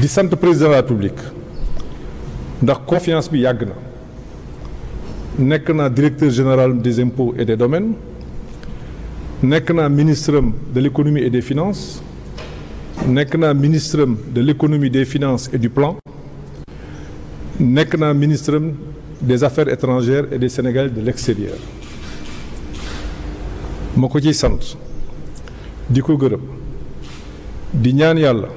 di sant président de la République ndax confiance bi yàgg na nekk naa directeur général des impôts et des domaines nekk naa ministre de l'économie et des finances nekk naa ministrem de l'économie des finances et du plan nekk naa ministre des affaires étrangères et des Sénégalais de l'extérieur ma ko ci sant di ko gërëm di ñaan yàlla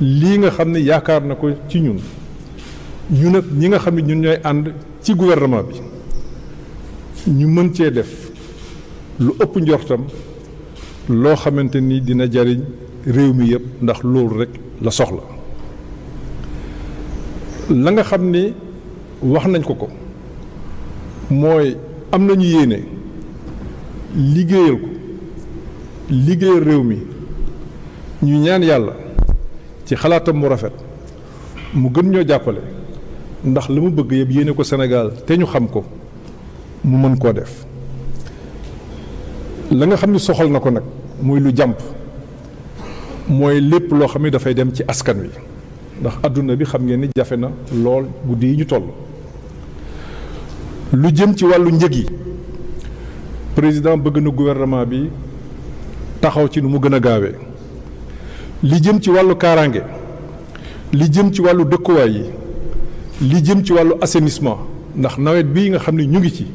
lii nga xam ne yaakaar na ko ci ñun ñu nag ñi nga xam ne ñun ñooy ànd ci gouvernement bi ñu mën cee def lu ëpp njortam loo xamante ni dina jariñ réew mi yëpp ndax loolu rekk la soxla la nga xam ni wax nañ ko ko mooy am nañu yéene liggéeyal ko liggéeyal réew mi ñu ñaan yàlla ci xalaatam mu rafet mu gën ñoo jàppale ndax la mu bëgg yëpp yéene ko Sénégal te ñu xam ko mu mën koo def la nga xam ni soxal na ko nag muy lu jàmp mooy lépp loo xam ne dafay dem ci askan wi ndax àdduna bi xam ngeen ni jafe na lool guddi yi ñu toll lu jëm ci wàllu njëg yi président bëgg na gouvernement bi taxaw ci nu mu gën a gaawee li jëm ci wàllu kaaraange li jëm ci wàllu dëkkuwaay yi li jëm ci wàllu assainissement ndax nawet bii nga xam ni ñu ngi ci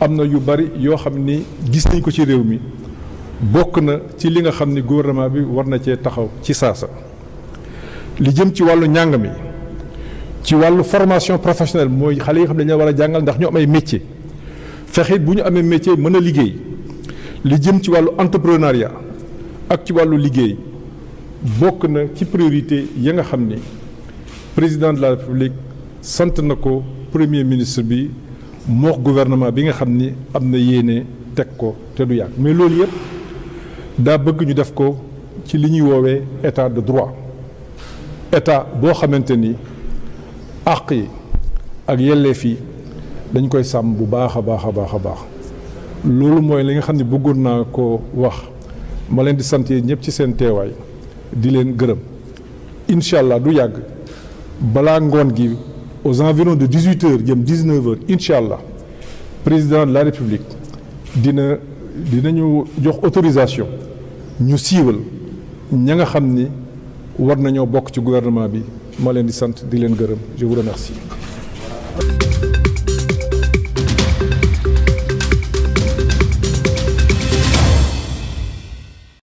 am na yu bari yoo xam ni gis nañ ko ci réew mi bokk na ci li nga xam ni gouvernement bi war na cee taxaw ci saasa li jëm ci wàllu njàng mi ci wàllu formation professionnelle mooy xale yi xam ne dañoo war a jàngal ndax ñu am ay métier fexit bu ñu amee métier mën a liggéey li jëm ci wàllu entrepreneuriat ak ci wàllu liggéey bokk na ci priorité yi nga xam ni président de la république sant na ko premier ministre bi moo gouvernement bi nga xam ni am na yéene teg ko te du yàgg mais loolu yëpp daa bëgg ñu def ko ci li ñuy woowee état de droit état boo xamante ni àq yi ak yelleef yi dañ koy sàmm bu baax a baax a baax a baax loolu mooy li nga xam ne bëggoon naa ko wax ma leen di sant yéen ñëpp ci seen teewaay di leen gërëm incha allah du yàgg balaa ngoon gi aux environs de dix huit heures jëm dix neuf heures allah président de la république dina dina ñu jox autorisation ñu siiwal ña nga xam ni war nañoo bokk ci gouvernement bi ma leen di sant di leen gërëm je vous remercie.